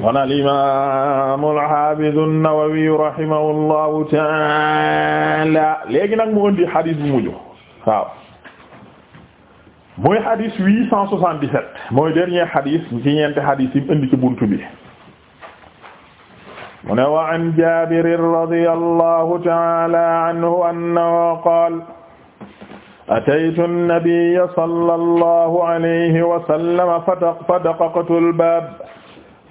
wan alimamu alhafidu an-Nawawi rahimahullahu taala léegi nag mu indi xadis bu mujj waaw mooy xadis huit cent soixante-dix-sept mooy dernier xadis ci ñeenti xadis yi mu indi ci buntu bi mu ne wa an Jaabirin radiyallahu taala anhu annahu qaala ataytu an-nabiyya sallallahu alayhi wa sallam fadaqaqtu al-baab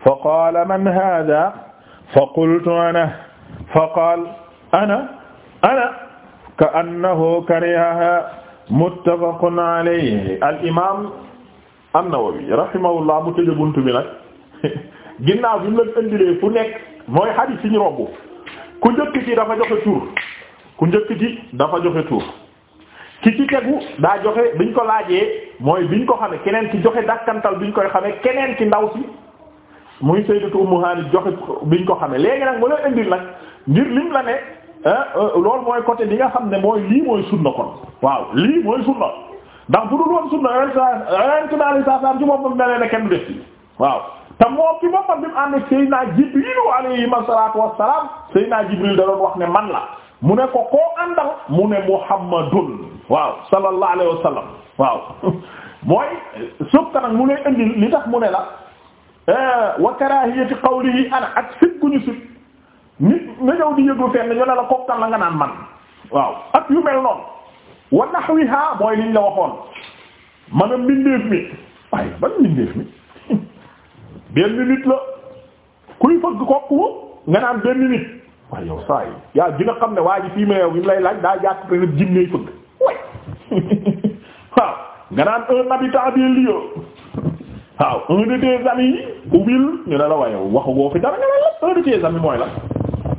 fa qaala man haadaa fa qultu ana fa qaala ana ana ka annahu karihahaa muttafaqun alayhi al imaam an-Nawawi rahimahullah mu tëjee buntu bi nag ginnaaw bi mu la indilee fu nekk mooy hadiis yi ñu romb ku njëkk ci dafa joxe tur ku njëkk ci dafa joxe tur ki ci tegu daa joxe biñ ko laajee mooy biñ ko xamee keneen ci joxe dakkantal biñ koy xamee keneen ci ndaw si. muy sayyidatu Ummu Hani joxe biñ ko xam ne léegi nag mu leen indil nag ngir lim la ne ah, euh, loolu mooy côté li nga xam ne mooy lii mooy sunna kon waaw lii mooy sunna ndax bu dul woon sunna yonent yonent bi alayhi salaam ci boppam melee ne kenn def ci waaw te moom ci boppam bi mu ànd ak Seydina Jibril alayhi salaatu wassalaam Seydina Jibril da doon wax ne man la mu ne ko koo àndal mu ne Muhammadun waaw sallallahu alayhi wasallam waaw mooy sëb ka nag mu lay indil li tax mu la. Eh, wa karahiyati qawlihi ana ak sit gu ñu sit nit nga ñëw di yëglu fenn ñu ne la kokkan la nga naan man waaw ak yu mel noonu wa nahwiha mooy liñ la waxoon man a mbindeef mi waaye ban mbindeef mi benn nit la kuy fëgg kokku nga naan benn nit waaye yow saa yi yaa dina xam ne waa ji fii ma yow ñu lay laaj daa jàpp te nit jinne fëgg way waaw nga naan un habitant des lieux waaw un de ubbil ñu ne la waaye waxu goo fi dara nga la un de tes mooy la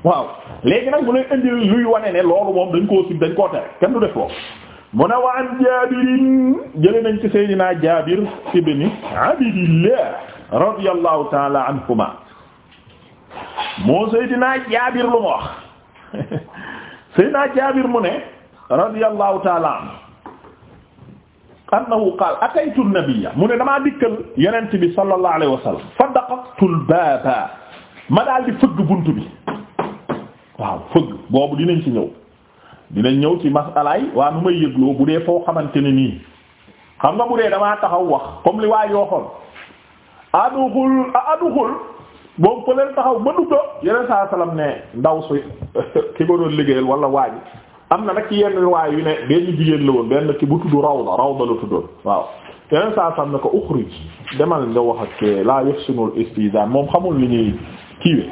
waaw léegi nag bu leen indil luy wane ne loolu moom dañ koo sib dañ koo tere kenn du def loolu mu ne wa an jaabirin jële nañ ci seydinaa jaabir ibn abdillah radiyallahu taala anhuma moo seydinaa jaabir lu ma wax seydinaa jaabir mu ne radiyallahu taala anhu annahu qaal ataytu nabiyya mu ne damaa dikkal yonent bi sallallahu alayhi wa sallam fa daqaqtul baaba ma daal di fëgg bunt bi waaw fëgg boobu dinañ ci ñëw dinañ ñëw ci masalaay waa nu may yëgloo bu dee foo xamante ne nii xam nga bu dee damaa taxaw wax comme li waa yoo xool aduxul aduxul boobu ko taxaw ba dugga yeneen saa sallam ne ndaw si ki ko liggéeyal wala waaji am na nag ci yenn riwaay yu ne benn jigéen la woon benn ki bu tudd raw rawda la tuddoon waaw yeneen saa sam ne ko uxrij demal nga wax ak eh, laa yafsunul istizan moom xamul li ñuy kiiwe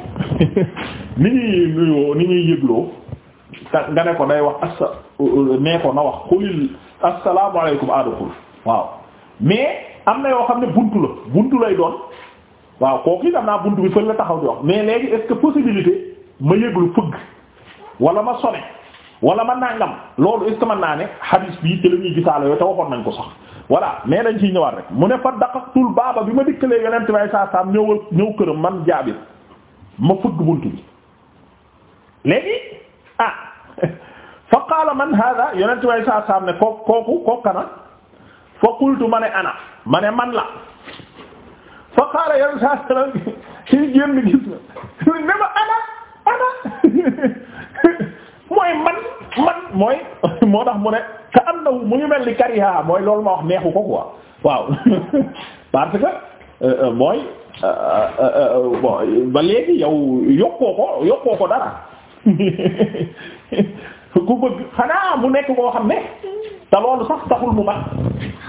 ni ñuy nuyoo ni ñuy yëgloo nga ne ko day wax asa nee ko na wax xulil asalaamaaleykum adxul waaw mais am na yoo xam ne buntu la buntu lay doon waaw kooku itam naa bunt bi fële la taxaw di wax mais léegi est-ce possibilité ma yëglu fëgg wala ma sone wala man naa ngam loolu est ce naa ne hadis bii ci la ñuy gisaale yooyu te waxoon nañ ko sax voilà mais dañ ciy ñëwaat rek mu ne fa daqaqtul baaba bi ma dikkalee yonent bay saa saam ñëwal ñëw këram man jaabir ma fëgg bunt bi léegi ah fa qaala man hada yonent bay saa saam ne koo kooku kookana ah fa qultu ma ne ana ma ne man la fa qaala yonent saa saam si génn gis na ne ma ana ana mooy man man mooy moo tax mu ne ka am na mu ngi mel ni kariha mooy loolu ma wax neexu ko quoi waaw parce que euh, euh, mooy euh, bon ba léegi yow yokkoo ko yokkoo ko dara ku bëgg xanaa mu nekk koo xam ne te loolu sax taxul mu mat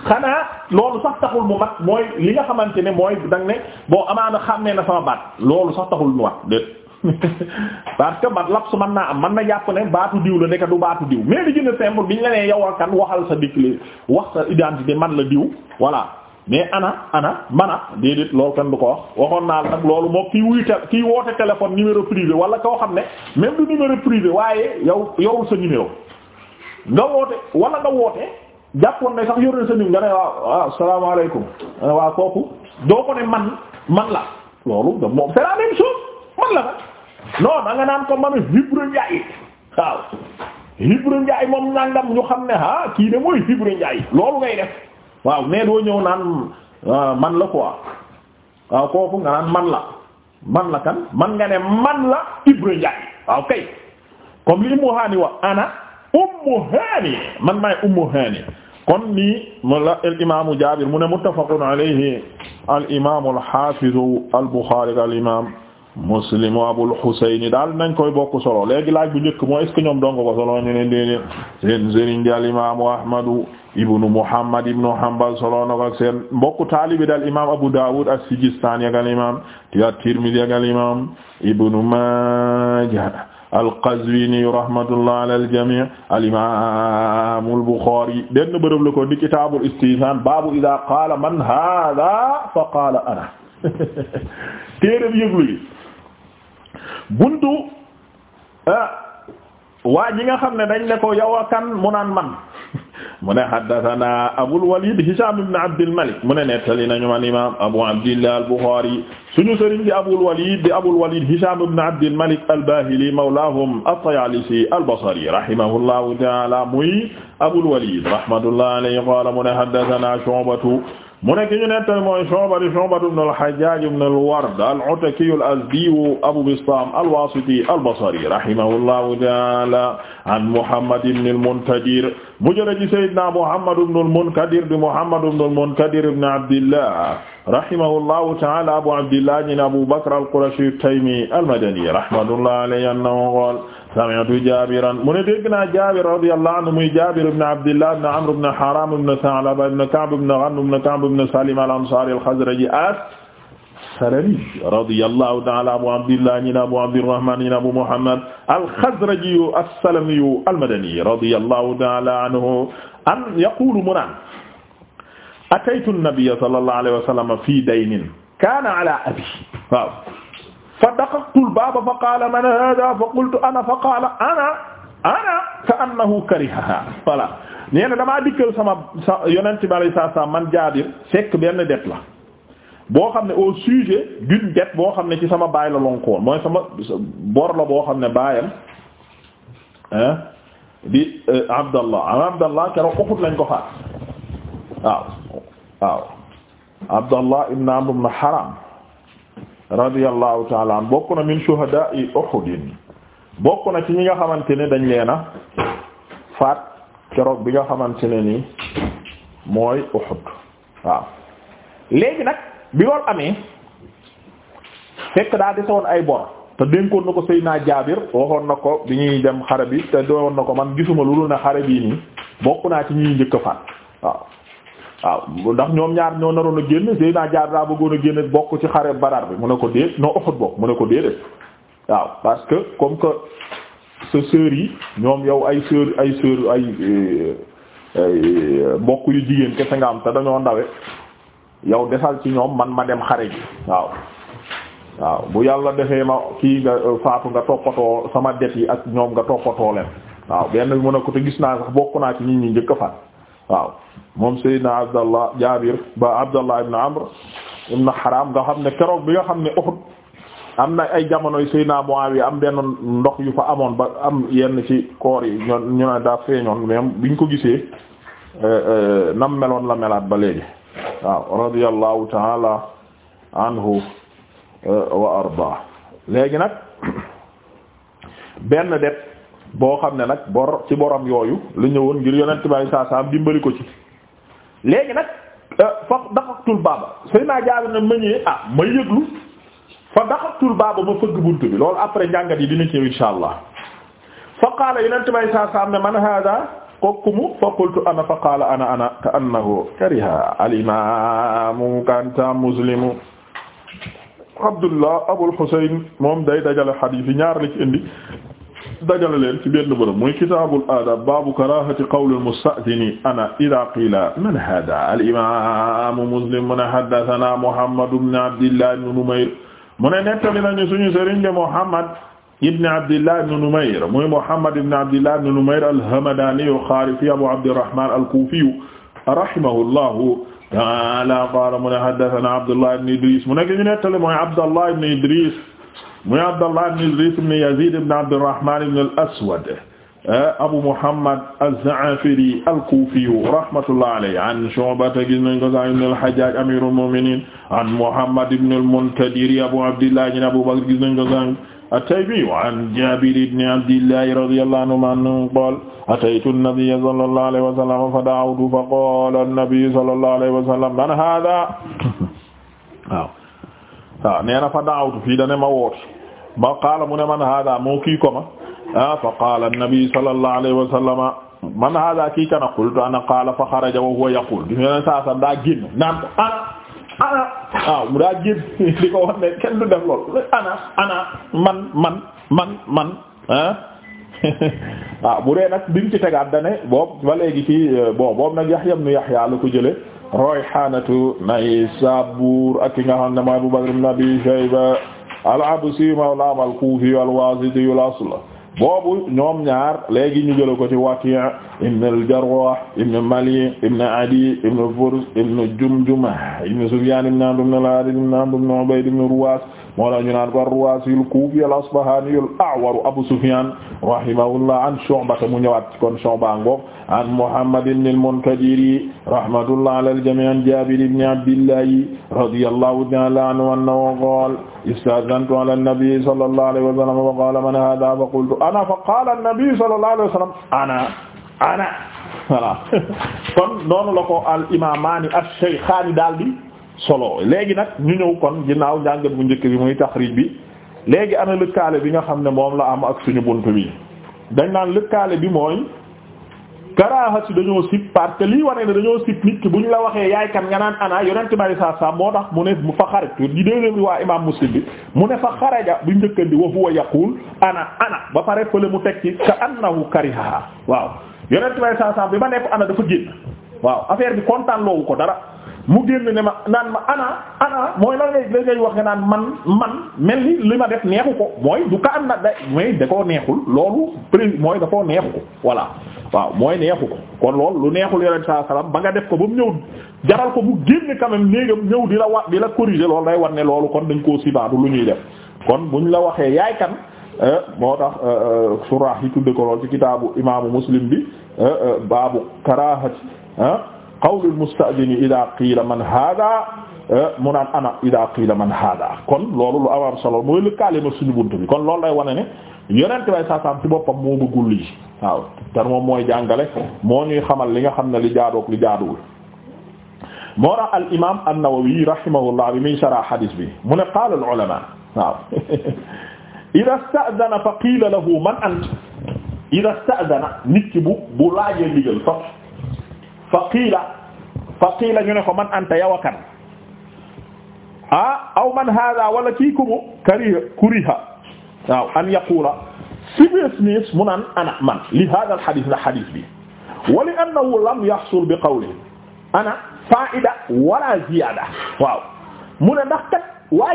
xanaa loolu sax taxul mu mat mooy li nga xamante ne mooy dang ne boo na xàmmee na sama baat loolu sax taxul mu mat déet parce que bat laps mën am mën na jàpp ne baatu diw la nekk du baatu diw mais li gën a simple biñ la nee yow waxal sa déclin wax sa identité man la diw voilà mais ana ana mana déedéet loolu kenn du ko wax waxoon naa la nag loolu moo kii wuy tel kii woote wala koo xam ne même du numéro privé waaye yow yorul sa numéro nga woote wala nga woote jàppoon la loolu moom c'est la même chose man la nag non da nga naan ko manu Ibra Njaay waaw Njaay moom nangam ñu xam ne ah kii de mooy Ibra Njaay loolu ngay def waaw nee doo ñëw naan ah, man la quoi waaw kooku nga naan man la man la kan man nga ne man la Ibra Njaay waaw kay comme li Ummu Haani wa ana Ummu Haani man maay Ummu Haani kon nii mu la al imaamu Jaabir mu ne muttafaqun alayhi al imaamu al haafizu al muslim wa abul husayn daal nañ koy bokk solo léegi laaj bu njëkk moo est ce que ñoom dong ko solo ñu ne déedéet seen sëriñ di al imaamu ahmadu ibnu muhammad ibnu hanbal solo na ko ak seen mbokku taalibi daal imaam abu dawud as-sijistani ak al imaam at-tirmidhi ak al imaam ibnu majah al-Qazwini rahmatullah ala al-jami' al-imam al-Bukhari benn bërëb la ko di kitaabul istizan baabu idha qaala man hadha fa qaala ana téere bi yëglu yi buntu ah, waa ji nga xam ne dañ ne ko yow kan mu naan man mu ne haddathana Abul Walid Hisham ibn Abdul Malik mu ne nettali nañu man imam Abu Abdillah al-Bukhari suñu sëriñ di Abul Walid di Abul Walid Hisham ibn Abdul Malik al-Bahili mawlahum at-Tayalisi al-Basri rahimahullahu ta'ala muy Abul Walid rahmatullahi alayhi qala mu ne haddathana Shu'batu mu nekk ñu nettali mooy Shu'ba di Shu'ba ibn al-Hajjaj ibn al-Ward al-Ataki al-Azdi Abu Bistam al-Wasiti al-Basri rahimahullahu ta'ala an Muhammad ibn al-Munkadir mu jële ci Sayyidina Muhammad ibn al-Munkadir di Muhammad ibn al-Munkadir ibn Abdillah rahimahullahu ta'ala Abu Abdillah ibn Abu Bakr al-Qurashi at-Taymi al-Madani rahmatullahi alayhi annahu qala sami'tu jaabiran mu ne dégg naa jaabir radiyallahu anhu muy jaabir ibn abdillah ibn amr ibn haram ibn sa'laba ibn ka'b ibn ghanm ibn ka'b ibn salim al-ansari al-khazraji as-salami radiyallahu ta'ala abu abdillah ñi na abu abdirrahman ñi na abu muhammad al-khazraji as-salami al-madani radiyallahu ta'ala anhu an yaqulu mu naan ataytu an-nabiyya sallallahu alayhi wa sallam fi daynin kaana ala abi waaw fa daqaqtu al-baaba fa qaala man haadaa fa qultu ana fa qaala ana ana ka annahu karihahaa voilà nee na damaa dikkal sama sa yonent bi alayhi salaam man Jaabir fekk benn det la boo xam ne au sujet d'une dette boo xam ne ci sama baay la lonkoon mooy sama bor la boo xam ne baayam di euh, Abdallah am Abdallah keroog Uhud lañ ko faat waaw waaw Abdallah ibn Amr ibn Haram radiyallahu taala an bokk na min shuhada'i Uhud bokk na ci ñi nga xamante ne dañ leen a faat keroog bi nga xamante ne ni mooy Uhud waaw léegi nag bi loolu amee fekk daa desewoon ay bor te dénkoon na ko naa Jaabir waxoon na ko bi ñuy dem xare bi te doon na ko man gisuma lu lu ne xare bii nii bokk naa ci ñuy njëkk faat waaw waaw ndax ñoom ñaar ñoo naroon a génn sëy naa jaar daa bëggoon a génn bokk ci xare badar bi mu a ko déet non Uhud bokk mu ne ko déedéet parce que comme que sa yi ñoom yow ay sœur ay sœur ay euh, euh, bokk yu jigéen kese nga am te dañoo ndawe yow desal ci ñoom man ma dem xare ji waaw waaw bu yàlla defee ma kii nga euh, faatu nga toppatoo sama det yi ak ñoom nga toppatoo leen waaw benn bi mu ne ko te gis naa sax bokk naa ci nit ñi njëkk a waaw moom Seydina Abdallah Jaabir ba Abdallah ibn Amr ibn Haram nga xam ne keroog bi nga xam ne Uhud am na ay jamono jamonoy Seydina Muawiya am benn ndox yu fa amoon ba am yenn ci koor yi ñoo ñu ne daa feeñoon même biñ ko gisee euh, euh, nam meloon la melaat ba léegi waaw radiyallahu ta'ala anhu euh, léegi nag benn det boo xam ne nag bor ci borom yooyu la ñëwoon ngir yonent bi saa saa dimbali ko ci léegi nag euh, fa daxatul baaba sëy naa jaabir na ma ñëwee ah ma yëglu fa daxatul baaba ma fëgg bunt bi loolu après njàngat yi dina ci insha allah fa qaala yonent bi saa saa ne man hada kooku fa qultu ana fa qaala ana ana ka kariha al imaamu kanta abdullah abul husayn moom day dajale xadiis yi ñaar la ci indi dajale leen ci benn bërëb muy kitaabul adab baabu karaahati qawlil musta'dini ana idaa qiila man haadaa al imaamu muslim mu ne haddasanaa Muhammad ibn Abdillah ibn Numayr mu ne nettali nañu suñu sëriñ de Muhammad ibn Abdillah ibn Numayr muy Muhammad ibn Abdillah ibn Numayr al-Hamdaani al-Xaarifi Abu Abdirrahmaan al-Kuufi rahimahullahu ta'aala qaala mu ne haddasanaa Abdullah ibn Idriis mu nekk ñu nettali mooy Abdullah ibn Idriis muy Abdallah ibn Idris ibn Yazid ibn Abdurrahman ibn al-Aswad eh, Abu Muhammad az-Za'afiri al-Kufi rahmatullah alayhi an Shu'ba gis nañ ko sa ibn al-Hajjaj amirul mu'minin an Muhammad ibn al-Munkadir Abu Abdillah ibn Abu Bakr gis nañ ko sa at-Taymi an Jabir ibn Abdillah radiyallahu anhuma annahu qala ataytu an-nabiyya sallallahu alayhi wa sallam fa da'awtu fa qala an-nabiyyu sallallahu alayhi wa sallam man hadha waaw waaw nee na fa da'awtu fii dane ma woote ma qaala mu ne man hada moo kii ma ah fa qaala an-nabi sallallahu alayhi wa sallama man hada ana qaala fa xaraja wa huwa yaqul di ñeneen daa génn ana ana ah, ana ana man man man man ah waaw ah, bu dee nag bimu ci tegaat dane boobu ba ci bon boobu nag Yahya ibn Yahya la ko jële Rayhanatu Naysabur ak ki nga Abu Bakr ibn Abi Shayba al-Absi mawlaahum al-Kuufi al-Waasiti al boobu ñoom ñaar léegi ñu jël ko ci Waki' ibn al-Jarrah ibn Mali ibn Adi ibn Furs ibn Jumjuma ibn Sufyaan ibn Amr ibn al ibn Amr ibn Ubayd ibn Ruwaas moo la ñu naan ko ar-Ruwaasi al-Kuufi al-Asbahaani al-A'war Abu Sufyaan rahimahullah an Shu'ba mu ñëwaat kon Shu'ba ngoog an Muhammad ibn al-Munkadiri rahmatullah ala al-jamii' an Jaabir ibn Abdillah radiyallahu ta'ala anhu annahu qaala ista'dhantu ala an-nabi sallallahu alayhi wa sallam fa qaala man haadha fa qultu ana fa qaala an-nabi sallallahu alayhi wa sallam ana ana voilà kon noonu la ko al-imaamaani ash-shaykhaani daal di solo léegi nag ñu ñëw kon ginnaaw njàngat bu njëkk bi muy taxrij bi léegi ana lëkkaale bi nga xam ne moom la am ak suñu bunt bi dañ naan lëkkaale bi mooy karaaha si dañoo sib parce que lii wane ne dañoo sib nit ki bu ñu la waxee yaay kan nga naan ana yonent bari saa moo tax mu ne mu fa xaraj tur di deuxième bi waa imam muslim bi mu ne fa xaraja bu njëkkandi wa huwa ana ana ba pare fële mu teg ci ka annahu karihaha waaw yonent bari saa bi ma nekk ana dafa génn waaw affaire bi kontaan loowu ko dara mu génn ne ma naan ma ana ana mooy la ngay la ngay wax naan man man mel ni li ma def neexu ko mooy du ka am na day mooy da koo neexul loolu pré mooy dafoo koo neexu ko voilà waaw mooy neexu ko kon loolu lu neexul yonent saa salaam ba nga def ko ba mu ñëw jaral ko mu génn quand même néegam ñëw di la wa di la corriger loolu day war ne loolu kon dañ koo sibaadu lu ñuy def kon buñ la waxee yaay kan euh, moo tax euh, euh, surah yi tudde ko lool ci kitaabu imaamu muslim bi baabu karaahati qawlu al-musta'dini idha qila man hadha eh, mu naan ana idha qila man hadha kon loolu lu awam solo mooy lëkkaale ma suñu bunt bi kon loolu lay wane ne yonent bay saasaam ci boppam moo bëggul lii waaw te moom mooy jàngale moo ñuy xamal li nga xam ne li jaadook li jaaduwul moo tax al imaam an-Nawawi rahimahullah bi muy sarah hadis bi mu ne qaala al-ulamaa waaw idha sta'dana fa qiila lahu man ant idha sta'dana nit ki bu bu laajee ndigal fa fa qiila fa qiila ñu ne ko man anta yaw akan ah aw man hada wala kii kumu kariha kuriha waaw an yaqula sibis niis mu naan ana man li hada al hadith la hadith bi wa li annahu lam yahsul bi ne ndax kat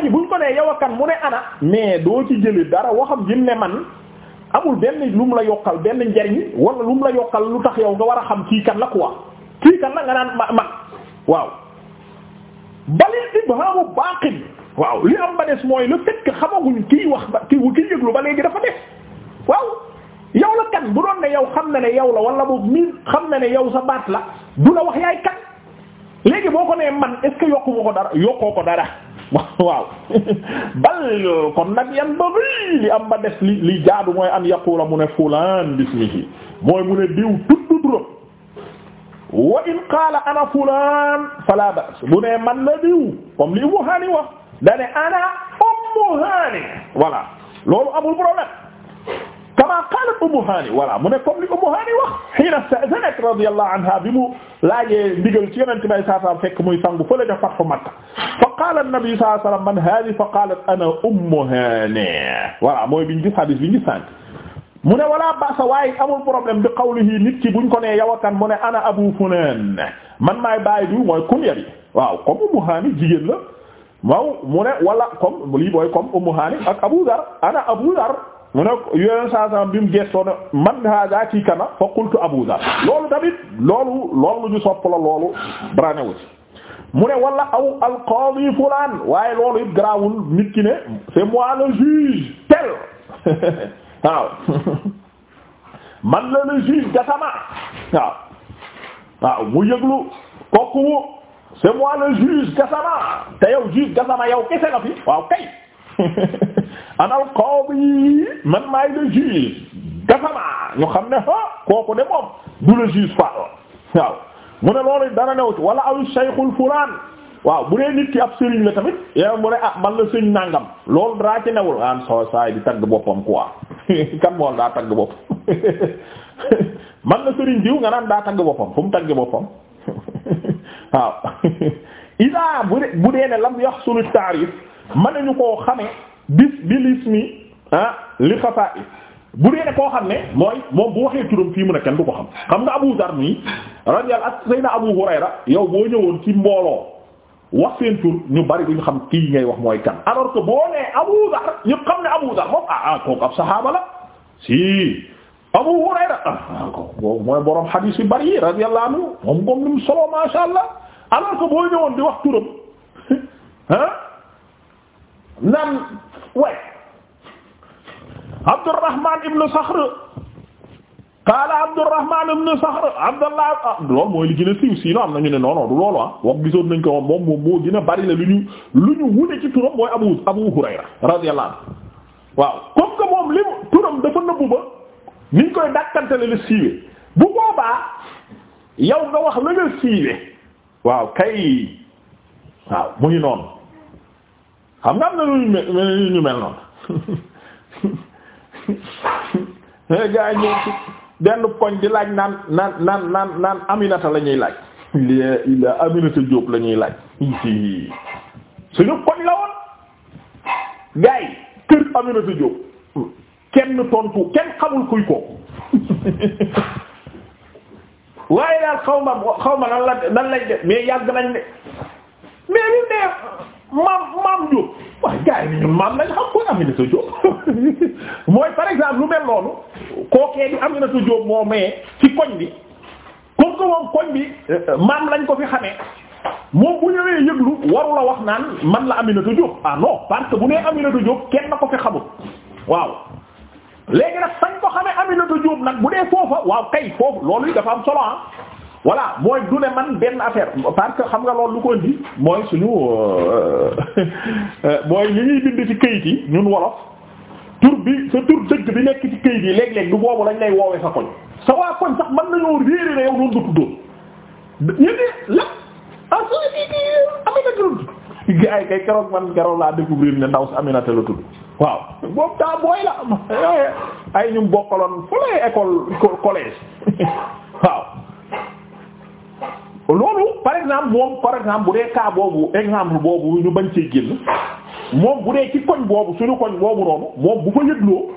ji buñ ko nee yow mu ne ana mais doo ci jëli dara waxam jim ne benn lu mu la yokkal benn njariñ wala lu mu la yokkal lu tax yow nga war a xam kii kan la quoi kii kan la nga naan ma man waaw balil ibhamu baqin waaw li am ba des mooy le fait xamaguñ kii wax ba kii kii yëglu ba léegi dafa des waaw yow la kan bu doon ne yow xam na ne yow la wala boobu miin xam na ne yow sa baat la du la wax yaay kan léegi boo ko nee man est yokku ma ko dara yokkoo ko dara waaw bal kon nag yan ba li am ba des li li jaadu mooy an yaqula mu ne fulaan bismihi mooy mu ne diw tudd turam wa in qaala ana fulaan fala ba's bu ne man la diw comme li Ummu Haani wax dane ana Ummu Haani voilà loolu amul problème kama qaalat Ummu Haani voilà mu ne comme li Ummu Haani wax hiina sta'zanat radiyallahu anha bi mu laajee ndigal ci yonente may saa sallam fekk muy sangu fële def fathu Makka fa qaala an-nabi sallallahu alayhi wa sallam man haadhihi fa qaalat ana Ummu Haani voilà mooy biñ gis hadis biñ gis mu ne wala basa waaye amul problème bi qawlihi nit ki buñ ko nee yawakan mu ne ana abu fulaan man maay bàyyi du mooy kunya bi waaw comme ummu haani jigéen la waaw mu ne wala comme lii mooy comme ummu haani ak abu dar ana abu dar mu ne yeneen saa saa bi mu gëstoo ne man haaza kii kana fa qultu abu dar loolu tamit loolu loolu lu ñu sopp la loolu branewu ci mu ne wala aw al qaadi fulaan waaye loolu it garaawul nit ki ne c'est moi le juge tel waaw man la le juge Gassama waaw waaw mu yëglu kooku c'est moi le juge Gassama te yow juge Gassama yow kese nga fi waaw kay anal qadi man maay le juge Gassama ñu xam ne ha ah, kooku de moom du le juge fa waaw mu ne loolu dara new ci wala aw shaykhul fulaan waaw bu dee nit ki ab sëriñ la tamit yow mu ne ah man la sëriñ nangam loolu dara ci newul an soo saay di tagg boppam quoi kan mool daa tagg bopp man na sëriñ diw nga naan daa tagg boppam fu mu tagg boppam waaw idaa bu dee bu dee ne lam yaxsulu taarif mën nañu koo xame bis bilis mi ah li xafa bu dee koo xam ne mooy moom bu waxee turam fii mu ne kenn du ko xam xam nga Abu Dar nii rajo ak Seydina Abu Hurayra yow boo ñëwoon ci mbooloo. wax seen tur ñu bari duñu xam kii ngay wax mooy kan alors que boo Abu Dhar ñu xam ne Abu Dhar moom ah ah kooku ab si Abu Hurayra ah, ah kooku mooy borom xadiis yu bari yi radiyallahu anhu moom comme ni mu solo masha Allah alors di wax turam ah naan way Abdurrahman ibn Sakhr qaala Abdurrahman ibn ah, mooy li gën a siiw sinon am na ñu ne non non du loolu ah wax gisoon nañ ko moom moom moo dina bari la lu ñu lu ci turam mooy Abu Abu Hurayra radiyallahu anhu waaw comme que moom li turam dafa nëbbu ba niñ koy dàkkantele la siiwee bu boobaa yow nga wax la nga siiwee waaw kay waaw mu ngi noonu xam nga am na lu ñu mel noonu gaa ñëw benn koñ di laaj naan naan naan naan naan Aminata la ñuy laaj ila ila Aminata Diop la ñuy laaj suñu koñ la woon gars kër Aminata Diop kenn tontu kenn xamul kuy ko waaye daal xaw ma xaw ma nan la nan lañ def mais yàgg nañ ne mais li maam maam Diop waaye gars yi ni ñun maam lañ xam koy Aminata Diop mooy par exemple lu mel noonu kookee di Aminata Diop moo mayee ci koñ bi comme que moom koñ bi euh, maam lañ ko fi xamee moom bu ñëwee yëglu waru la wax naan man la Aminata Diop ah non parce que bu nee Aminata Diop kenn na ko fi xamul waaw léegi nag fañ ko xamee Aminata Diop nag bu dee foofa waaw kay foofu loolu yi dafa am solo ah voilà mooy du ne man benn affaire parce que xam nga loolu lu ko indi mooy suñu euh, mooy li ñuy bind ci kayit yi ñun wolof tur bi sa tur bi nekk ci kayit yi léeg-léeg du boobu lañ lay woowee sa koñ sa waa koñ sax man nañoo réeré ne yow doon du tuddoon ñu ne ah, la ah kay keroog man keroog laa découvrir ne ndaw si Aminata la tudd waaw boobu daa booy la ay ñu bokkaloon fu lay école collège waaw loolu par exemple moom par exemple bu dee cas boobu exemple boobu ñu bañ cee génn moom bu dee ci koñ boobu suñu koñ boobu noonu moom bu fa yëgloo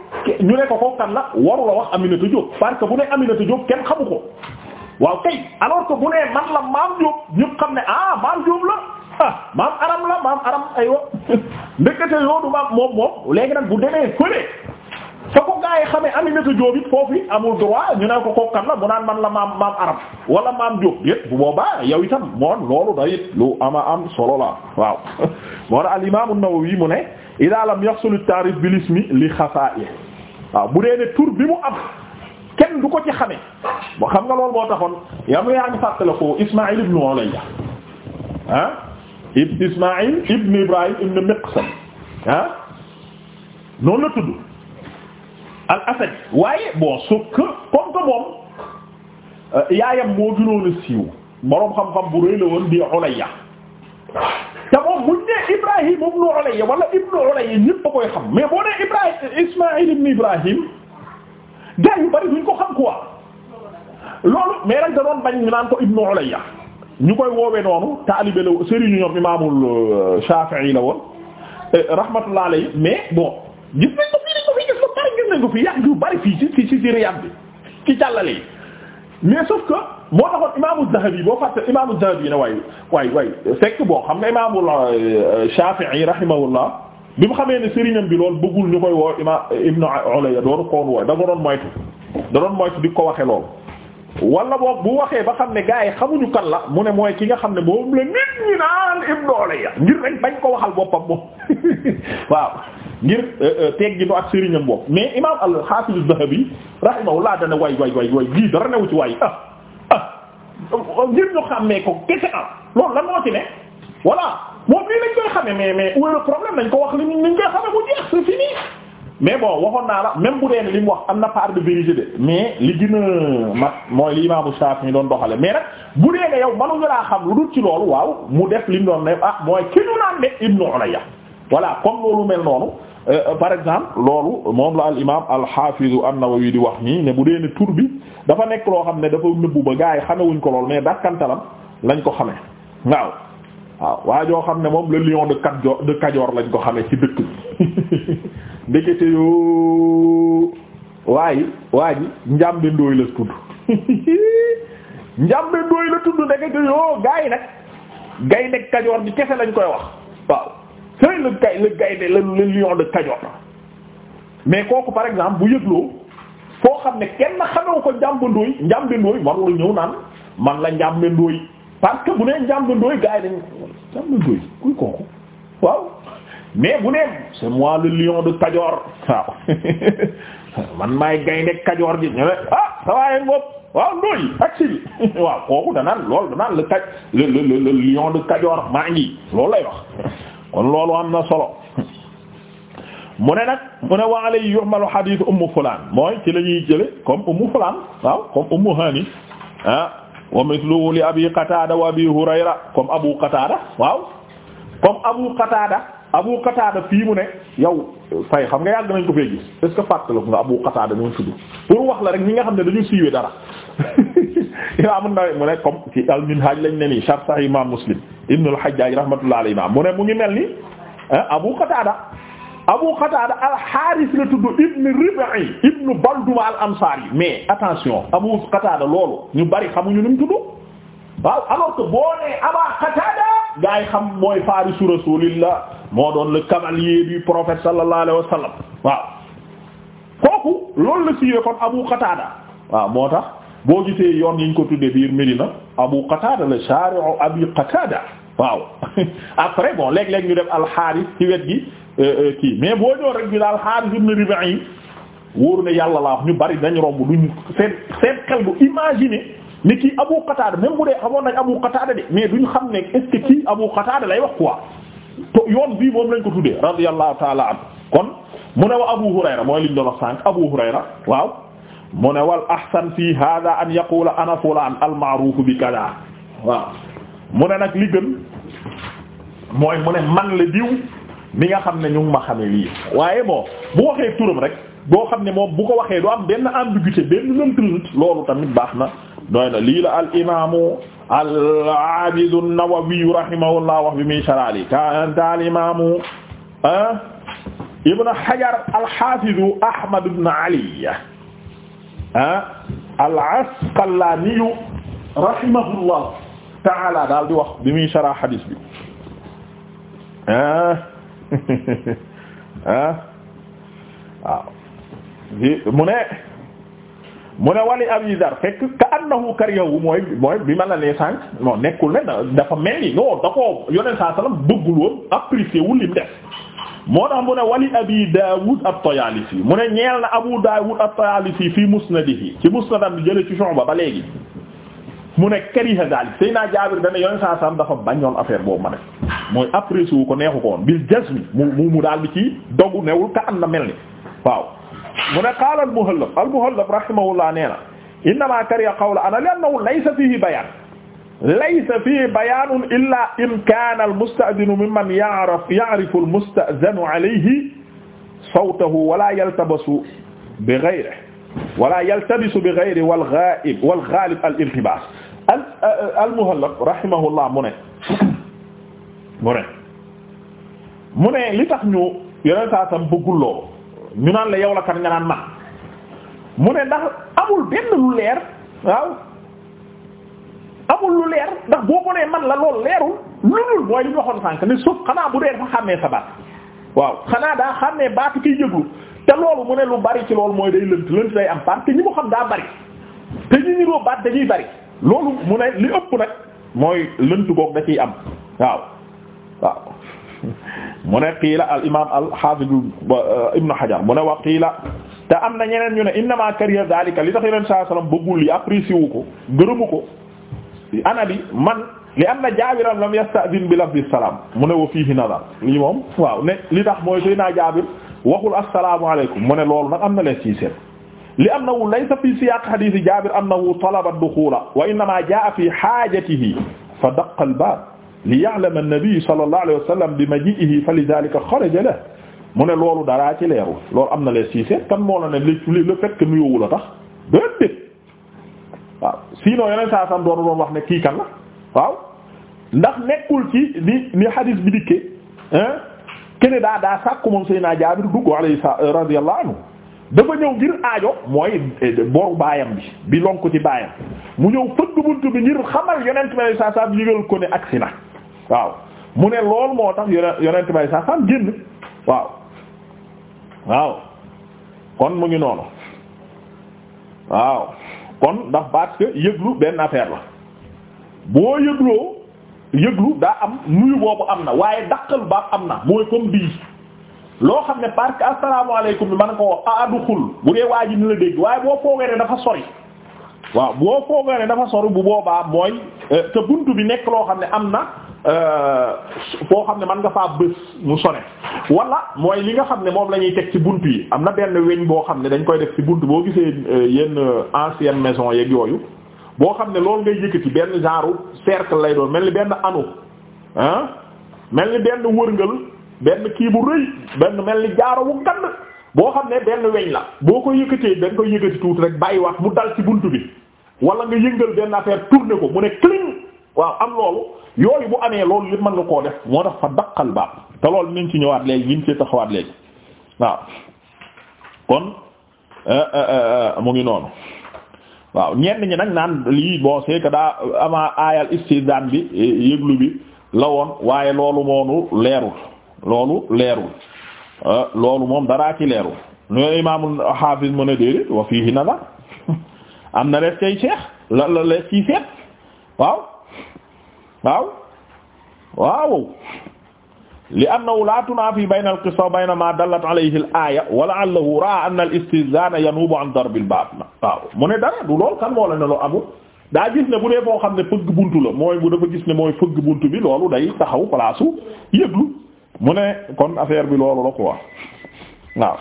ñu ne ko ko kan la waru la wax Aminata Diop parce que bu ne Aminata Diop kenn xamu ko waaw kay alors que bu nee man la maam Diop ñëpp xam ne ah maam Diop la ah maam aram la maam aram aywa ndekete yoonu maam moom moom léegi nag bu demee fële. te ko gaa yi xamee Aminata foofu amul droit ñu ne ko kooku kan mu naan man la maam maam arab wala maam Diop yëpp bu boobaa yow itam moom loolu day it lu ama am solo waaw. moo al imaam an-Nawawi mu ne idaa lam yaxsul at-ta'rif bil ismi li xafaa'i waaw bu dee ne tur bi mu am kenn du ko ci xamee ba xam nga loolu moo taxoon yam yaa ngi fàttaliku Ismaïl ibn ah, Ibrahim ibn Miqsam ah la tudd. al asad waaye bon sauf que comme euh, yaayam moo gënoon a siiw boroom xam-xam bu rëy la woon di Ulayya te moom buñ ne Ibrahim a Ibrahim Ismaïl ibnu Ibrahim gaa yu bari duñ ko xam quoi loolu mais nag da doon bañ ñu naan ko ibnu Ulayya ñu koy woowee noonu taalibe la sëriñu ñoom imaamul euh, Shafi'i la woon eh, rahmatullah alayhi mais bon gis nañu fi yàq yu bari fii ci ci ci Riyad bi ci jàllale yi mais sauf que moo taxoon imaamu Zahabi boo fàtte imaamu Zahabi ne waay waay waay fekk boo xam nga imaamu euh, Shafi'i rahimahullah bi mu xamee ne sëriñam bi lool bëggul ñu koy woo imaam Ibnu Ulayya doon ko woon wooy da ko doon di ko waxee lool. wala boog bu waxee ba xam ne gars yi xamuñu kan la mu ne mooy ki nga xam ne boobu la nit ñi naan Ibnu Ulayya ngir rek bañ ko waxal boppam moom waaw. ngir euh, euh, tegginu ak sëriñam bopp mais imam al-Hafiz az-Zahabi rahimahullah dana way way way way lii dara newu ci waay ah, ah ah ngir ñu xàmmee ko kese am loolu lan moo ci ne moom lii mais mais où nañ ko wax li ñu koy xamee mais waxoon naa la même bu dee li mu wax am na part de vérité de mais li gën a mat mooy li imaamu Shafi'i doon doxale mais nag bu dee ne yow mënuñu laa xam lu dul ci loolu waaw mu def li mu doon ne ah mooy ki ñu naan de Ibnu Ulayya voilà comme loolu mel noonu Euh, euh, par exemple loolu moom la al imaam al xaafizu an di wax nii ne bu dee ne tur bi dafa nekk loo xam ne dafa nëbbu ba gaa yi xamewuñ ko lool mais dakkantalam lañ ko xamee waaw. waaw waa joo xam ne moom la lion de Kajoor Kajoor lañ ko xamee ci dëkk bi ndekete yoo waaye waa ji njàmbe ndooy la tudd njàmbe ndooy la tudd ndekete yoo gaa yi nag gay nekk Kajoor bi kese lañ koy wax waaw. c'est le gay le gaynde le lion de Kajoor mais kooku par exemple bu yëgloo foo xam ne kenn xamewu ko njàmbandooy njàmbandooy warul ñëw naan man la njàmbandooy parce que bu nee njàmbandooy gars yi dañ bu nee c'est moi lion de Kajoor maay gaynde Kajoor ji waaye ah, bopp waaw ndooy aksi bi waaw kooku danaan loolu danaan le Kajoor maa ngi loolu lay wax kon loolu am na solo mu ne nag mu ne wa alayhi yuhmalu hadith ummu fulaan mooy ci la ñuy jële comme ummu fulaan waaw comme ummu hani wa mithluhu li abi qatada wa abi hurayra comme abu qatada waaw comme abu qatada abu qatada fii mu ne yow fay xam nga yàgg nañ ko fee gis est ce que fàttaliku nga abu qatada noonu tudd pour wax la rek ñi nga xam ne dañu siiwee dara imam an-Nawawi mu ne comme ci al-Minhaj lañ ne nii sharh Imam Muslim ibn al-Hajjaj rahmatullah alayhi mu ne mu ngi mel ni ah, Abu Qatada Abu Qatada al-Haris la tudd ibn Rib'i ibn Balduma al-Ansari mais attention Abu Qatada loolu ñu bari xamuñu nu mu tudd waaw alors boo nee Aba Qatada gaa xam mooy farisu Rasulillah moo doon le cavalier du prophète sallallahu waaw kooku loolu la siiwee kon Abu Qatada waaw moo tax. boo gisee yoon yi ñu ko tuddee biir Medina Abu Qatada la shari'u Abi Qatada waaw après bon léeg-léeg ñu def al-Harith ci wet gi euh, euh, kii mais boo ñëw rek ñu daal al-Harith ibn Rib'i wóoru ne yàlla laa ñu bari dañ romb duñ seen seen xel bu imaginer ni kii Abu Qatada même bu dee xamoon nañ Abu Qatada de mais duñ xam ne est-ce Abu Qatada lay wax quoi to yoon bii moom lañ ko tuddee radiyallahu ta'ala anhu kon mu ne wa Abu Hurayra mooy liñ doon wax sànq Abu Hurayra mu ne wal ahsan fii hada an yaqula ana fulaan al ma'ruf bi kada waaw mu ne nag li gën mooy mu man la diw mi nga xam ne ñu xam ma xame lii waaye bon bu waxee turam rek boo xam ne moom bu ko waxee du am benn ambiguïté benn lënt-lënt loolu tamit baax na doy na lii la al imaamu al-Aabidu Nawawi rahimahullah wax bi muy sarali al imaamu ah ibn al-Haafidu Ahmad ibn Ali ah al-Asqalaaniyu rahimahullah taala daal di wax bi muy sarah hadis bi ah ah waaw mu ne mu ne wali Abi Dar fekk ka annahu mooy bi ma la nee sànq non nekkul ne dafa mel ni non da koo yoneen saa salaam bëggul woon apprécier wul lim def moo tax mu ne wali abi Daawud at-Tayaalisi mu ne ñeel na Abu Daawud at-Tayaalisi fii musnadihi ci musnadam bi jële ci Shu'ba ba léegi mu ne kariha daalik Seydina Jaabir dana yoneen saa saam dafa bañoon affaire boobu ma ne mooy apprécié wu ko neexu ko woon bil jazmi mu mu daal bi ci dogu newul ka am na mel ni waaw mu ne qaala al-Muhallab al-Muhallab rahimahullah nee na innamaa kariha qawla ana li annahu laysa fiihi bayaan laysa fii bayaanun illaa imkaana almusta'dinu mimman ya'raf ya'rifu almusta'danu alayhi sawtahu wala yaltabasu bi ghayrihi wala yaltabisu bi ghayrihi wal ghaa'ib wal ghaalib al-inhibaas uh, al-Muhallab rahimahullah mu ne mu ne mu ne li tax ñu yeneen saa tam bëggul loolu ñu naan la yow la kan nga naan man mu ne ndax amul benn lu leer waaw. amul lu leer ndax boo ko nee man la loolu leeru lu dul mooy li ñu waxoon sànq ne suuf xanaa bu dee dafa xàmmee sa baat waaw xanaa daa xàmmee baatu kiy jéglu te loolu mu ne lu bari ci lool mooy day lënt lënt day am parce que ñi ko xam daa bari te ñi niroo baat dañuy bari loolu mu ne li ëpp nag mooy lënt goog da ciy am waaw waaw mu ne qiila al imaam al haafid euh, ibn hajar mu ne wa qiila te am na ñeneen ñu ne innama kariya zalika li tax yeneen saa salaam bëggul yi wu ko gërëmu ko ana bi man li am na jaabiram lam yasta'zin bi lafdi salaam mu ne wa fiihi nadar lii moom waaw ne li tax mooy suy naa jaabir waxul assalaamu alaykum mu ne loolu nag am na leen ciy seet li annahu laysa fi siyaaq hadiisi jaabir annahu talaba ad-duxuula wa innamaa jaa'a fi haajatihi fa daqqa al-baab li ya'lama an-nabiyyu sallallahu alayhi wa sallam bi majii'ihi fa lidaalika xaraja lahu mu ne loolu daraa ci leeru loolu am na leen ciy seet kan moo la ne le fait que nuyuwul a tax déedéet waaw sinon yeneen saa sam doon doon wax ne kii kan la waaw ndax nekkul ci ni li hadis bi dikkee kene daa daa sàkku moom Seydina Jaabir dugg alayhi euh, radiyallahu anhu dafa ñëw ngir aajo mooy eh, boru baayam bi bi lonku ci baayam mu ñëw fëgg buntu bi ngir xamal yonent bay saa sam yëgal ko ne agsi na waaw mu ne lool moo tax yonent bay saa génn waaw waaw kon mu ngi noonu waaw kon ndax parce que yëglu benn affaire la boo yëgloo yëglu daa am nuyu boobu am na waaye daqal baab am na mooy comme bii loo xam ne parce que asalaamaaleykum bi man ko wax aadu xul bu dee waa ji ni la dégg waaye boo foogee ne dafa sori waaw boo foogee ne dafa sori bu boobaa mooy euh, te buntu bi nekk loo xam ne am na foo euh, xam ne man nga faa bës mu sone wala mooy li nga xam ne moom la ñuy teg ci bunt yi am na benn weñ boo xam ne dañ koy def ci bunt boo gisee euh, yenn euh, ancienne maison yeeg yooyu boo xam ne loolu ngay yëkkati benn genre cercle lay doon mel ni benn anneau ah mel ni benn wërngël benn kii bu rëy benn mel ni jaaro bu gànn boo xam ne benn weñ la boo ko yëkkatee dañ koy yëkkati tuuti rek bàyyiwaat mu dal ci bunt bi wala nga yëngal benn affaire tourner ko mu ne waaw am loolu yooyu bu amee loolu li mën nga koo def moo tax fa daqal baab te loolu niñ ci ñëwaat léegi niñ ci taxawaat léegi waaw kon euh, euh, euh, mu ngi noonu waaw ñenn ñi nag naan lii bon c'est daa ama aayal istidaan bi yëglu bi la woon waaye loolu moonu leerul loolu leerul loolu moom daraa ci leerul ñooy imaamul hafiz mën a déedéet wa fiihi nadar am na lees cay seex la la lees ciy seet waaw waaw waaw li annahu la tunaafi bayna al-qissa wa bayna ma dallat alayhi al-aaya wa la'allahu ra'a anna al-istihzaana yanuubu an darbi al-baab waaw mu ne dara du lool kan moo la ne loo amul daa gis ne bu dee foo xam ne fëgg buntu la mooy bu dafa gis ne mooy fëgg buntu bi loolu day taxaw place u yëglu mu ne kon affaire bi loolu la quoi waaw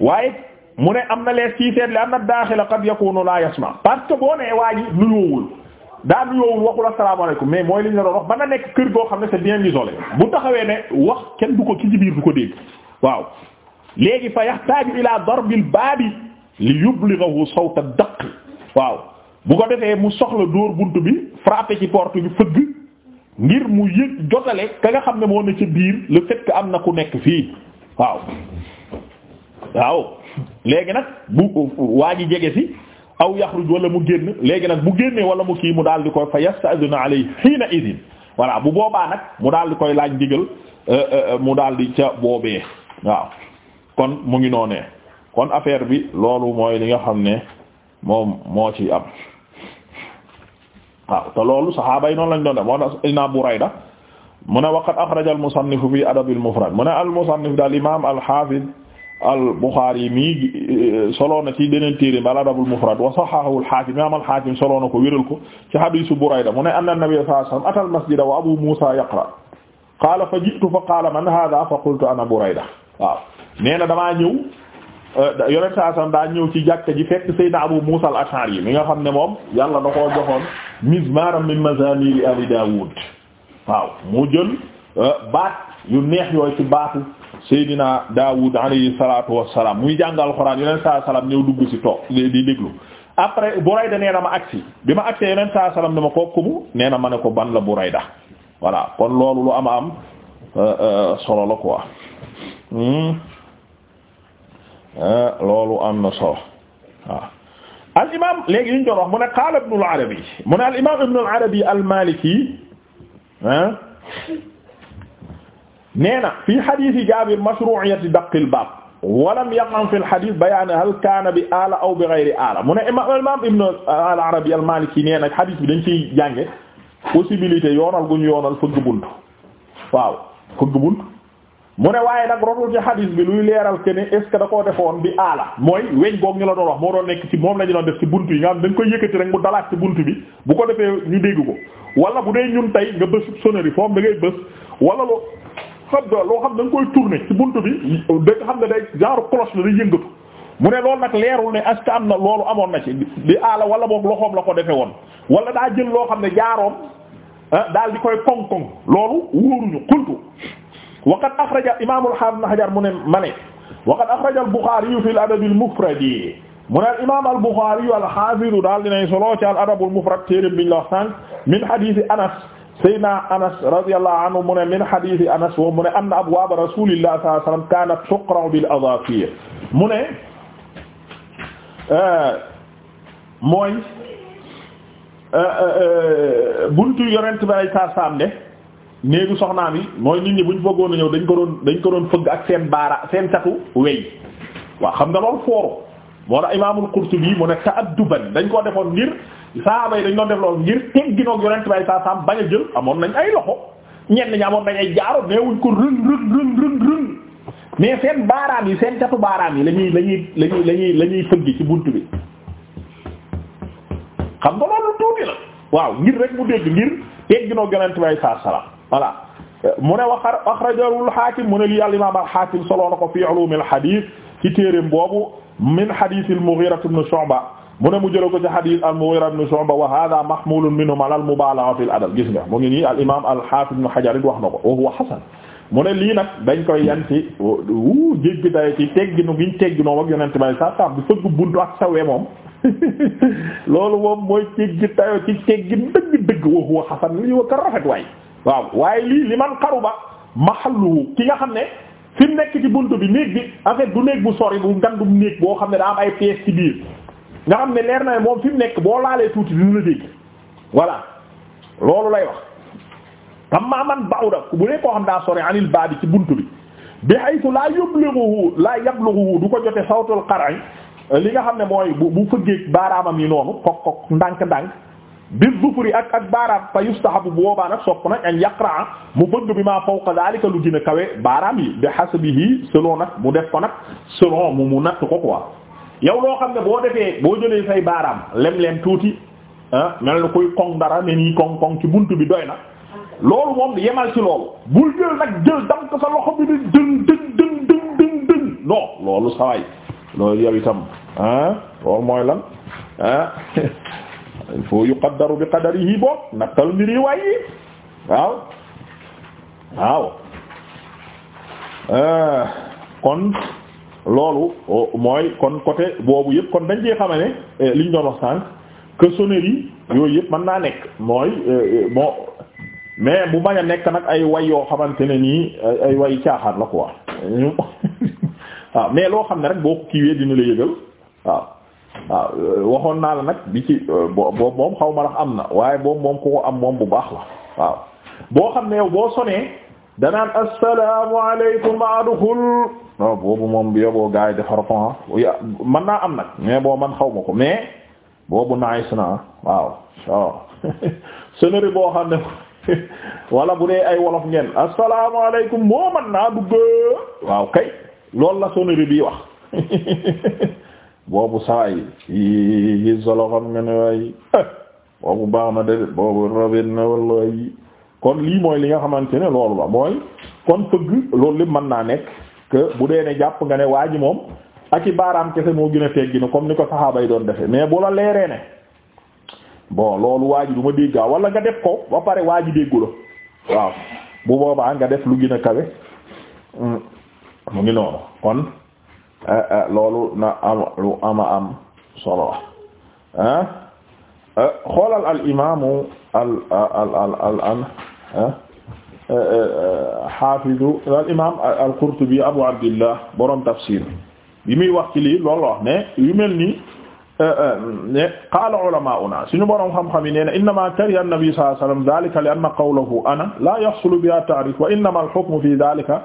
waaye mu ne am na lees ci seet li anna ad-daaxila qad yakuunu laa yasma parce que boo nee waa ji nuyuwul daa nuyoowul waxul asalaamaaleykum mais mooy li ñu la doon wax ba na nekk kër goo xam ne c'est bien isolé bu taxawee ne wax kenn du ko ci biir du ko dégg waaw léegi fa yaxtaaju ila darbil baabi li yublighahu sawt ad-daq waaw bu ko defee mu soxla dóor bunt bi frappé ci porte bi fëgg ngir mu yëg jotale ka nga xam ne moo ne ca biir le fait que am na ku nekk fii waaw waaw léegi nag bu waa ji jege si aw yaxruj wala mu génn léegi nag mu génnee wala mu kii mu daal di koy fa yasta'dinu alayhi hiina idin voilà bu boobaa nag mu daal di koy laaj ndigal euh, euh, euh, mu daal di ca boobee waaw kon mu ngi noonee kon affaire bi loolu mooy li nga xam ne moom moo ci am waaw te loolu saxaaba yi noonu lañ doon def moo tax inna Burayda mu ne waqad axraja al fi adab al mu ne al-musannif daal imaam al Bukhari mii eh, solo na ci beneen téere ba al-Adabul Mufrad wa sahhahahu al-Hakim imam al-Hakim solo ko wéral ko ci hadiisu Burayda mu ne anna nabiyya sallallahu alayhi wa sallam ata al-masjida wa Abu Musa yaqra qaala fa ji'tu fa qaala man hadha fa qultu ana Burayda waaw na damaa ñëw eh, yonent saa sallam daa ñëw ci jàkka ji fekk Seydina Abu Musa al yi mi nga xam ne moom yàlla da koo joxoon mizmaran min mazamiri ali Daawud waaw mu jël eh, baat yu neex yooyu ci baatu Seydina Daawud alayhi salaatu wassalaam muy jàngal alxuraan yeneen saa salaam ñëw dugg ci toog di déglu après Burayda nee na ma agsi bi ma agsee yeneen saa salaam dama ko kumu nee na ma ne ko ban la Burayda voilà kon loolu lu am am euh, euh, solo la quoi hmm? euh, loolu am na solo waaw al imaam léegi li ñu doon wax mu ne qaala Ibnul Arabi mu ne al Arabi al Maliki nee na fii yi Jaabir mashruu'iyyati daqqil baab walam yaqam fi lxadis bayaan hal kaana bi aala aw bi gayri aala mu ne imam imam ibnu al-Arabi al-Maliki nee na xadis bi dañ ciy jànge possibilité yoonal guñ yoonal fëgg bunt waaw fëgg bunt mu ne waaye nag rotul ci xadis bi luy leeral ke ne ce que da koo defoon bi aala mooy weñ goog ñu la doon wax moo doon nekk ci moom la ñu doon def ci bunt yi nga xam dañ koy yëkkati rek mu dalaat ci bunt bi bu ko defee ñu dégg ko wala bu dee ñun tey nga bës sonnerie foofu da ngay bës wala lo sabda loo xam da nga bi da nga xam ne day genre cloche la day yëngatu mu ne loolu nag leerul ne est que am na loolu amoon na ci di aala wala boog loxoom la ko defe woon wala daa jël loo xam ne jaaroom ah, daal di koy koŋ-koŋ loolu wóoruñu qultu waqad axraja imaamul haafid ibn hajar mu ne ma ne waqad axraja al-buxaari fi al-adab al-mufrad mu ne al imaam al buxaari al xaafidu daal dinay solo al adab al mufrad téere bi ñu la min hadiisi anas Seydina Anas radiyallahu anhu mu ne min hadiisi Anas wo mu ne anna abwaaba rasuulillah sallallahu alayhi wasallam kaanat tuqra'u bil adaafiir mu ne eh, mooy eh, eh, buntu yonent bi ay saa saam de néegu soxnaam yi mooy nit ñi buñ ñu ñëw dañ ko doon dañ ko doon fëgg ak seen baara seen tatu wey waaw xam nga loolu fooru moo tax imaamul Qurtubi mu ne ta'adduban dañ koo defoon ngir saaba yi dañ doon def lool ngir tegginoog yonent bay saa bañ a jël amoon nañ ay loxo ñeen ñi amoon nañ ay jaaro neewuñ ko rën rën rën rën rën mais seen baaraam yi seen catu baaraam yi lañuy lañuy lañuy lañuy la ci bunt bi xam nga loolu tuuti la waaw ngir rek mu dégg ngir tegginoog yonent bay saa salaam voilà mu ne wax axrajahul Haakim mu ne lii al imaam al Haakim soloo na ko fi ulumil hadith ci téereem boobu min hadith al-Mughira ibn Shu'ba mu ne mu jëla ko ci hadith al-Mughira ibn Shu'ba wa hadha mahmulun minhum ala al-mubalagha fi al-adab gis nga mu ngi nii al-imam al-hafiz ibn Hajar wax na ko wa huwa hasan mu ne lii nag dañ koy yan ci wu jéggi day ci tegginu giñ tegginoo ak yonente bay sa sa bu fëgg buntu ak sawee moom loolu moom mooy jéggi tayo ci teggin dëgg dëgg wa huwa hasan lii wa rafet waay waaw waaye lii li man qaruba mahalluhu ki nga xam ne fi mu nekk ci bunt bi néeg bi en fait du néeg bu sori bu ngandum néeg boo xam ne daa am ay pièces ci biir nga xam ne leer na moom fi mu nekk boo laalee tuuti dina la dégg voilà loolu lay wax amma man ba'uda bu dee koo xam daa sori anil bi ci bunt bi ay haytu laa yablughu laa yablughu du ko jote sawtul qar'i li nga xam ne mooy bu bu fëggee baaraamam yi noonu kok kok ndànk-ndànk bis bu furi ak ak baaraam fa yustahabu bu boobaa nag sopp nag an yaqraa mu bëgg bi maa fawqa daalika lu gën a kawe baaraam yi bi hasabihi selon nag mu def ko nag selon mu mu natt ko quoi. yow loo xam ne boo defee boo jëlee say baaraam lem-lem tuuti ah mel na koy koŋ dara ne nii koŋ koŋ ci bunt bi doy na loolu moom yemal ci loolu bul jël nag jël dam ko sa loxo bi di dën dën dën dën dën dën non loolu sawaay loolu yow itam ah loolu mooy lan ah il faut yuqaddaru bi qadarihi bopp nattal mbir yi waaye waaw waaw euh, kon loolu mooy kon côté boobu yëpp kon dañ cee xama ne eh, liñ doon wax que sonnerie yooyu yëpp mën naa nekk mooy bon eh, mais bu bañ a nekk nag ay way yoo xamante ne nii ay way caaxaar la quoi waaw mais loo xam ne rek boo ko kiiwee dina la yëgal waaw waaw euh, waxoon naa la nag bi ci euh, boobu moom xaw ma ndax am na waaye boobu moom ku ko am moom bu baax la waaw boo xam ne yow boo sonee danaan assalaamu alaykum adxul non boobu moom yoboo ah. man naa am nag mais boo man xaw ma ko mais boobu nice na ah. boo xam ne wala bu dee ay wolof ngeen assalaamu alaykum moo man naa dugg waaw kay loolu la sonnerie bi wax boobu saay yi gis solo xam nga ne waaye eh, boobu baax na déedéet boobu rafet na walla kon lii mooy li nga xamante ne loolu la mooy kon fëgg loolu li mën naa nekk que bu dee ne jàpp nga ne waa ji moom ak i baaraam kese moo gën a tegginu comme ni ko saxaaba yi doon defe mais bu la leeree ne bon loolu waa ji du ma dégg wala nga def ko ba pare waa ji déggu la waaw bu boobaa nga def lu gën a kawe mm, mu ngi noonu kon. Eh, eh, loolu na am lu ama am solo ah xoolal al imaamu al al al al an xaafidu al imaam al qurtubi abu abdillah borom tafsir bi muy wax ci lii loolu wax ne yu mel nii ne qaala ulamaa'una suñu borom xam-xam yi nee na innamaa kariha an-nabi sallallahu alayhi wa sallam dhaalika li anna qawlahu ana laa yahsulu bihaa ta'riif wa innamaa al-hukmu fii dhaalika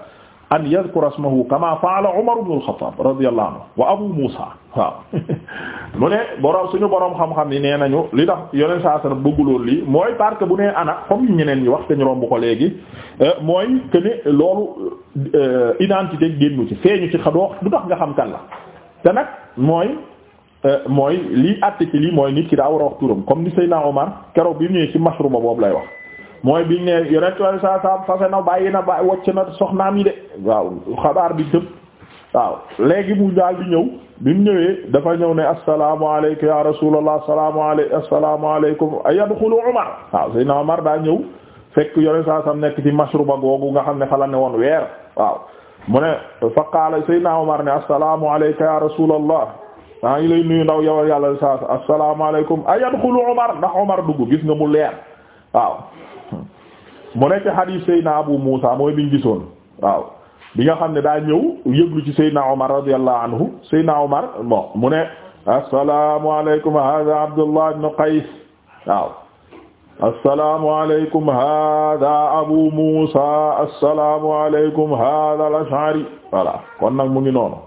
an yadhkura ismahu kama fa'ala Umar ibn al-Khattab radiyallahu anhu wa Abu Musa waaw mu ne borom suñu borom xam-xam ni nee nañu li tax yeneen saa sara bëgguloon lii mooy parce que bu ne ana comme ni ñeneen ñi wax te ñu romb ko léegi euh, mooy loolu ne loolu euh, identité génnu ci feeñu ci xadoo du tax nga xam kan la te nag mooy euh, mooy lii àtte ci lii mooy nit ci daa war a wax turam comme ni Seydina Omar keroog bi ñëwee ci mashruma boobu lay wax. mooy biñ ne yonent bi saa saa na bàyyi na bàyyi wocc na soxnaam yi de waaw xabaar bi tëb waaw léegi mu daal di ñëw bi mu ñëwee dafa ñëw ne asalaamaaleykum ya rasulallah asalaamaaleykum asalaamaaleykum ayadxulu Umar waaw Seydina Umar daa ñëw fekk yonent saa saa nekk ci nga xam ne fa la ne woon weer waaw mu ne fa qaala Seydina maa ngi lay nuyu ndaw yow yàlla saa asalaamaaleykum ayadxulu Umar ndax Umar dugg gis nga mu leer waaw. mu nekk xadiis Seydina Abu Muusa mooy biñ gisoon waaw bi nga xam ne daa ñëw yëglu ci Seydina Omar radiyallahu anhu Seydina Omar bon mu ne assalaamu alaykum hada Abdullah ibn Qays waaw assalaamu alaykum hada Abu Muusa assalaamu alaykum hada al-Ash'ari voilà kon nag mu ngi noonu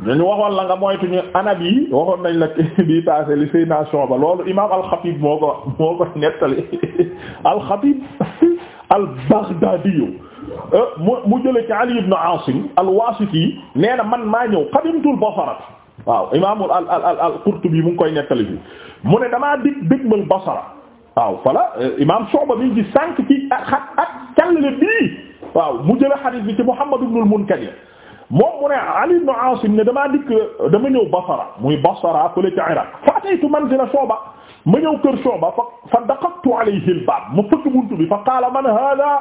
dañu waxoon la nga moytuñu anab yi waxoon nañ la bii passé li say nation ba loolu imam al-Khatib moo ko moo ko nettali al-Khatib al-Baghdadi euh, mu mu jële ci Ali ibn Asim al-Wasiti nee na man maa ñëw qadimtul Basra waaw imaamul al al al-Qurtubi mu ngi koy nettali fi mu ne damaa dig dégmal Basra waaw fala euh, imam Shu'ba bi ci sànq ci ak ak càll bii waaw mu jële hadith bi ci Muhammad ibn al moom mu ne Ali ibn Asim ne damaa dikk dama ñëw Basra muy Basra fële ca Iraq fa ataytu manzila Shu'ba ma ñëw kër Shu'ba fa daqaqtu alayhi al-baab ma fëgg buntu bi fa qaala man haadaa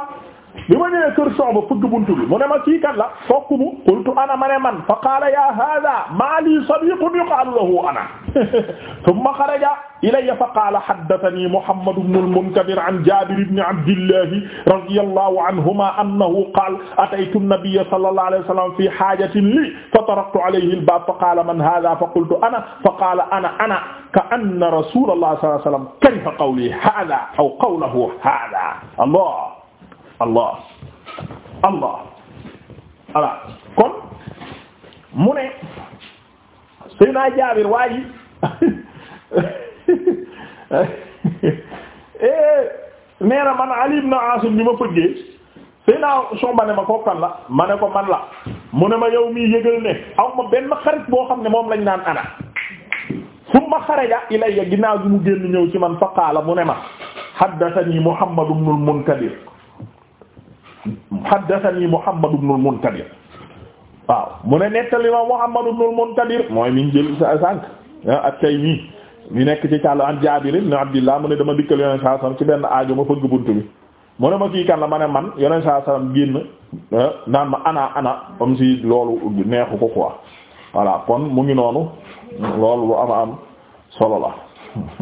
bi ma ñëwee kër Shu'ba fëgg buntu bi mu ne ma kii kat la fokk mu qultu ana ma ne man fa qaala ya hada maa li sadiqun yuqaalu lahu ana thumma xaraja ilayya fa qaala haddathani Muhammad ibn al-Munkadir an Jabir ibn Abdillah radiyallahu anhuma annahu qaala ataytu an-nabiyya sallallahu alayhi wa sallam fi haajatin li fa taraqtu alayhi al-baab fa qaala man hada fa qultu ana fa qaala ana ana ka anna rasulallah sallallahu alayhi wa sallam kariha qawli hada aw qawlahu hada Allah allah allah voilà kon mu ne Seydina Jaabir waa ji eh, nee na man Ali ibn Asim bi ma fëggee Seydina Shu'ba ne ma kookan la ma ne ko man la mu ne ma yow mii yëgal ne aw ma benn xarit boo xam ne moom lañ naan ana summa xaraja ilayya ginnaaw gi mu génn ñëw ci man fa mu ne ma haddathani Muhammad ibn al-Munkadir haddathani Muhammad ibn al-Munkadir waaw mu ne nettali ma Muhammad ibn al-Munkadir mooy mi jël sa sànq ak ah, tey mi mi nekk ci càll an Jaabir ibn Abdillah mu ne dama dikkal yoneen saa sallam ci benn aajo ma fëgg bunt bi mu ne ma kii kan la ma ne man yoneen saa sallam génn ah, naan ma ana ana comme si loolu neexu ko quoi voilà kon mu ngi noonu loolu lu am am solo la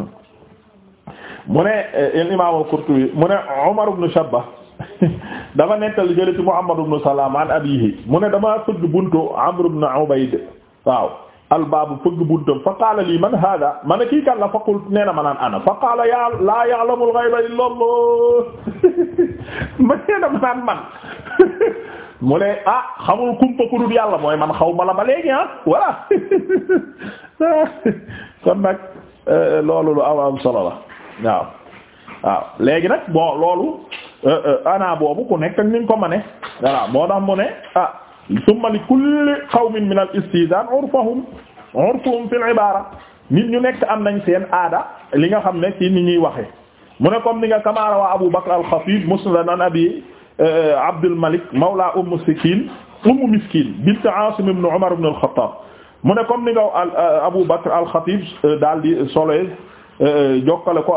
mu ne eh, al-Imam al-Qurtubi mu ne Umar ibn Shabba dama nettali jële ci Muhammad ibn Salaam an abiihi mu ne dama fëgg buntu Amr ibn Ubayd aw albaabu fëgg buntam fa qaala lii man hada ma ne kii kan la fa qultu nee ana fa ya laa ya'lamu al Allah ma nee man mu ne ah xamul kumpa ku dul yàlla mooy man xaw ma la ba léegi ah voilà kon nag euh, loolu lu am am solo la waaw waaw léegi nag Euh, euh, ana boobu ku nekk ak niñ ko mane voilà moo tax mu ne ah summa li kulli qawmin min al istizan urfahum urfuhum fil ibara nit ñu nekk am nañ seen aada li nga xam ne ci ni ñuy waxe mu ne comme ni nga kamaara waa Abu Bakr al-Khatib musnad an abi euh, Abdul Malik mawla Umm Sikin Umm Miskin bint Asim ibn Umar ibn al-Khattab mu ne comme ni nga Abu Bakr al-Khatib daal di solo jokkale ko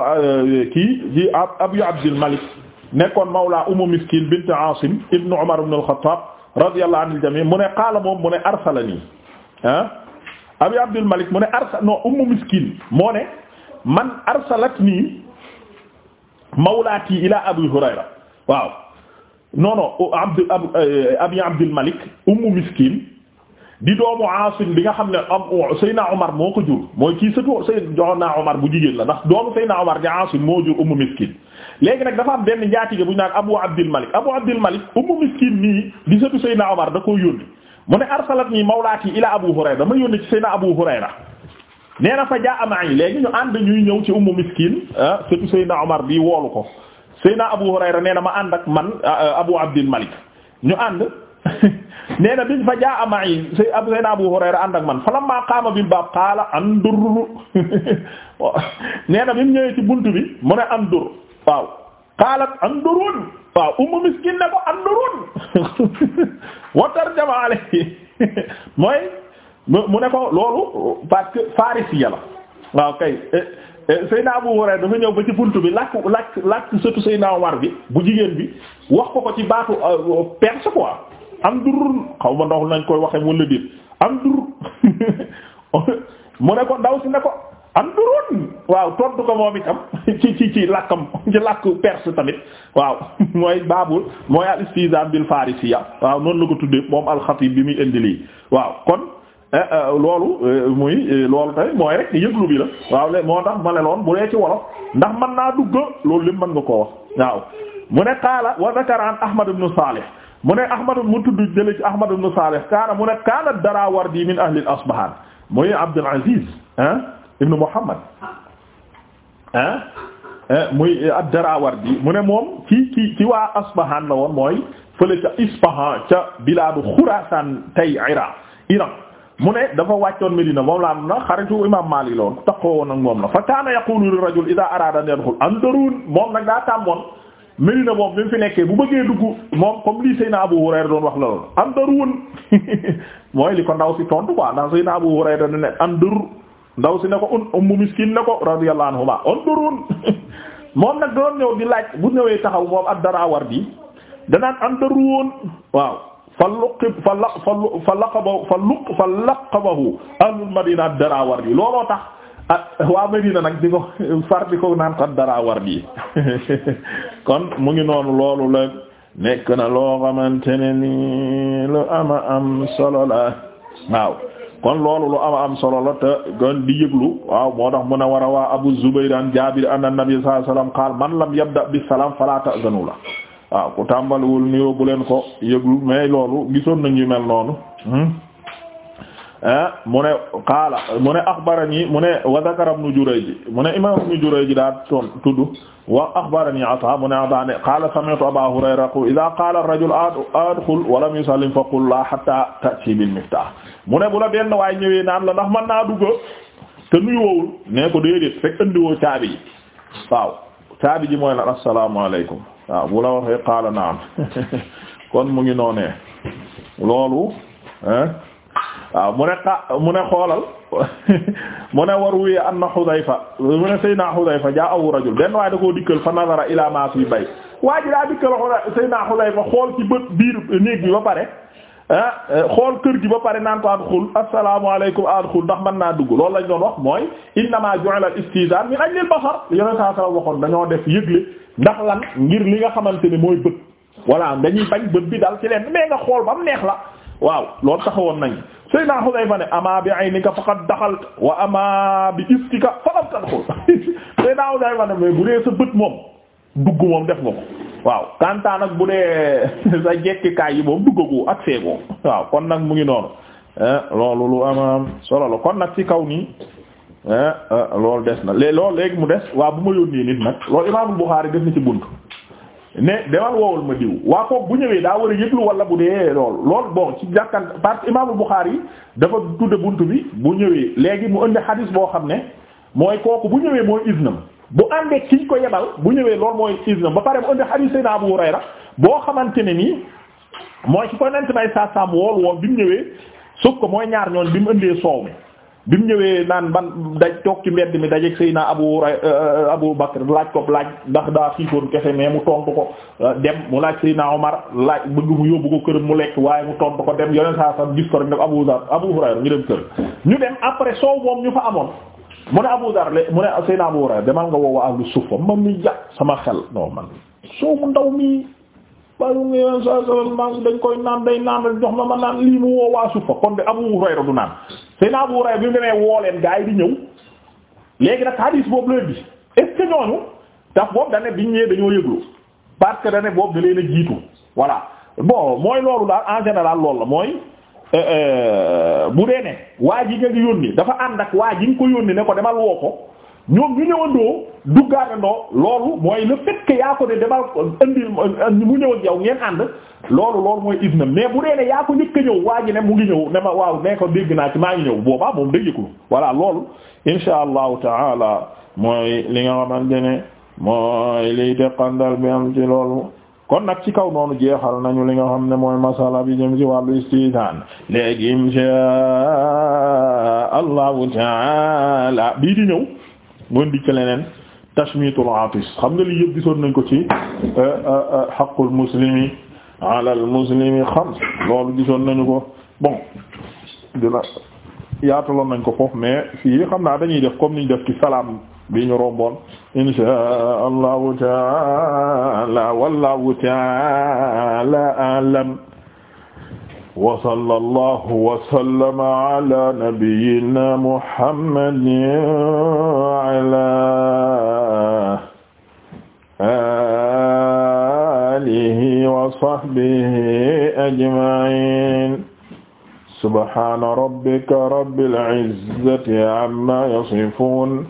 kii di Abu Abdul Malik nekkoon mawla Umm Miskin bint Asim ibn Umar ibn al-Khattab radiyallahu anil jami' mu ne qaala moom mu ne arsalani ah Abi Abdul Malik mu Miskin moo man arsalatni mawlaati ila Abi Hurayra waaw non Abd eh, Abi Abdul Miskin di doomu Asim bi nga xam ne am Seyna Omar moo ko jur mooy kii sëtu Seyna bu jigéen la ndax doomu Seyna di Asim moo jur Umm Miskin léegi nag dafa am benn njaatige bu ñu naan Abu Abdul Malik Abu Abdul Malik Ummu Miskin nii di sëtu Seydina Omar da koo yónni mu ne arsalat nii mawlaati ila Abu Hurayra dama yónni ci Seydina Abu Hurayra nee na fa jaa ma'i léegi ñu ànd ñuy ñëw ci Ummu Miskin ah sëtu Seydina Omar bi woolu ko Seydina Abu Hurayra nee na ma ànd ak man ah, ah, Abu Abdul Malik ñu ànd nee na biñ fa jaa ma'i Seydina Abu Hurayra ànd ak man falamma qaama bil baab qaala andur nee na bi mu ñëwee ci buntu bi mu ne andur waaw qaalat andurun waaw ummu miskin ne ko andurun wa tarjama alayhi mooy mu ne ko loolu parce que farisiya la waaw kay eh, eh, Seydina Abu Hurayra dafa ñëw ba ci buntu bi làkk làkk làkk surtout Seydina bi bu jigéen bi wax ko ko ci baaxu euh, perse quoi am dur xaw ma ndox nañ koy waxe wala déet am dur mu ne ko ndaw si ne ko am duroon waaw tontu ko moom itam ci ci ci làkkam ci làkku perse tamit waaw mooy baabul mooy al istizan bil farisiya waaw noonu la ko tuddee moom alxatib bi muy indi lii waaw kon eh, eh, loolu eh, muy loolu tamit mooy rek yëglu bi la waaw lé moo tax ma ne loon bu dee ci wolof ndax mën naa dugg loolu lépp mën nga koo wax waaw mu ne qaala wa zakara an ahmad ibn salih mu ne ahmad mu tudd jële ci ahmad ibn salih kaana mu ne kaana darawardi min ahli al asbahan muy abdul ibnu Muhammad ah muy ad-Darawardi mu ne moom ci ci ci waa Asbahan la woon mooy fële ca Ispahan ca bilaadu Xuraasaan tey Iraq Iraq mu ne dafa wàccoon Medina moom laa na xaritu imam Maalik la woon ku taxoo woon ak moom la fa kaana yaqulu li rajul idaa araada an yadxul anzurun moom nag daa tàmmoon Medina moom bi mu fi nekkee bu bëggee dugg moom comme lii Seydina Abu Hurayra doon wax la loolu anzurun mooy li ko ndaw si tontu quoi ndax Seydina Abu Hurayra ndaw si na ko un miskin ne ko radiyallahu anhuma andurun moom nag doon ñëw di laaj bu ñëwee taxaw moom ak dara war bi danaan andurun waaw fa luqi fa la fa fa fa luq fa laqabahu ahlul madina ak dara war bi looloo tax waa madina nag di ko far di ko naan ko ak dara war bi kon mu ngi noonu loolu la nekk na loo xamante ne ni lu waaw kon loolu lu ama am solo la te gën di yëglu waaw moo tax mun a war a waa Abu Zubayr an Jaabir anna Nabi sallallahu alayhi wasallam qaal man lam yabda bi salaam fala ta'zanu la waaw ku tàmbaliwul nuyoo bu leen ko yëglu mais loolu gisoon nañu mel noonu eh, mu ne qaala mu ne axbarani mu ne wa zakara ibnu Jurayj mu ne imaam ibnu Jurayj daa wa axbarani Ataa mu ne Ataa ne qaala sami'tu Abaa Hurayra idaa qaala ar-rajulu adxul wa lam yusallim fa qul laa hattaa ta'tii bil miftaax mu ne bu la benn waay ñëwee naan la ndax man naa dugg te nuyuwoowul nee ko déedéet fekk andiwoo caabi ji waaw caabi ji mooy lan asalaamaaleykum waaw bu la waxee qaala naam kon mu ngi noonee loolu waaw mu ne mu ne xoolal mu ne war wuye anna Hudayfa mu ne Seydina Hudayfa jaa awu rajul benn waaye da koo dikkal fa nazara ila ma bay waa ji daa dikkal Seydina Hudayfa xool ci bë biir néeg bi ba pare ah euh, xool kër gi ba pare naan ko adxul asalaamaaleykum adxul ndax man naa dugg lool lañ doon wax mooy innama ju'ila al-istizan min ajli al-basar yeneen saa saa waxoon dañoo def yëgle ndax lan ngir li nga xamante ne mooy bët voilà dañuy bañ bët bi dal ci leen mais nga xool ba mu neex la waaw loolu woon nañ Seydina Xudayfa ne ama bi aynika faqad daxalta wa ama bi istika faqad tadxul Seydina Xudayfa ne bu dee sa bët moom dugg moom def nga ko waaw kanta nag bu dee sa jekkikaay yi moom duggagu ak seegoo waaw kon nag mu ngi noonu eh, loolu lu am solo la kon nag ci kaw nii eh, eh, loolu des na léegi loolu léegi mu des waaw bu ma yónnee nit nag loolu Imaamul Buxaari def na ci bunt ne demal woowul ma diw waa kooku bu ñëwee daa war a yëglu wala bu dee lool lool bon ci jàkkan parce Imaamul Buxaari yi dafa tudde bunt bi bu ñëwee léegi mu indi xadiis boo xam ne mooy kooku bu ñëwee mooy isnam bu àndee kiñ ko yebal bu ñëwee loolu mooy islam ba pare bu indi hadith Seydina Abu Hurayra boo xamante ne nii mooy ci ko nent bay saa saam wool woon bi mu ñëwee suuf ko mooy ñaar ñoon bi mu indee soow mi bi mu ñëwee naan ban daj toog ci mbedd mi dajeeg Seydina Abu euh, Abu Bakr laaj ko laaj ndax daa xiifoon kese mais mu tontu ko euh, dem mu laaj aw Omar laaj bëgg mu yóbbu ko këram mu lekk waaye mu tontu ko dem yeneen saa saam gis ko rek ne Abu Zar Abu Hurayra ñu dem kër ñu dem après soow moom ñu fa amoon mu ne Abu Dar mu ne Seydina Abu Hurayra demal nga woowa ahlu suffa man mi yàq sama xel non man soo mu ndaw mi bàyyi nga yéen saa saa naan dañ koy naan day naan rek jox ma ma naan lii mu woo waa suffa kon de Abu Hurayra du naan Seydina Abu Hurayra bi gaa yi di ñëw léegi nag hadis boobu la bi est-ce que ñooñu daf boobu dañ ne biñ dañoo yëglu parce que dañ ne da leen a jiitu voilà bon mooy loolu daal en général loolu la mooy. Euh, euh, bu dee ne waa ji nga yónni dafa ànd ak waa ji nga ko yónni ne ko demal woo ko ñoom ñu ñëwandoo duggaatandoo loolu mooy le fait que yaa ko ne demal indil mu ñëw ak yow ngeen ànd loolu loolu mooy is na mais bu dee ne yaa ko njëkk a ñëw waa ji ne mu ngi ñëw ne ma waaw ne ko dégg naa ci maa ngi ñëw booba moom dégg ko voilà loolu insha allahu taala mooy li nga xamante ne mooy liy teqandal bi am ci loolu. kon nag ci kaw noonu jeexal nañu li nga xam ne mooy masala bi jëm ci wàllu istizaan léegi inshaa allahu taala bii di ñëw mën di ci leneen tashmitul atis xam nga li yëpp gisoon nañ ko ci eh, eh, eh, al muslimi ala al muslimi xams loolu gisoon nañu ko bon dina yaataloon nañ ko foofu mais fii xam naa dañuy def comme niñ def ci salaam bi ñu romboon inshaa allahu taala wallahu taala alam wa sallallahu wa sallama ala nabiyyina muhammadin wa ala alihi wa sahbihi ajma'in subhana rabbika rabbil izzati amma yasifun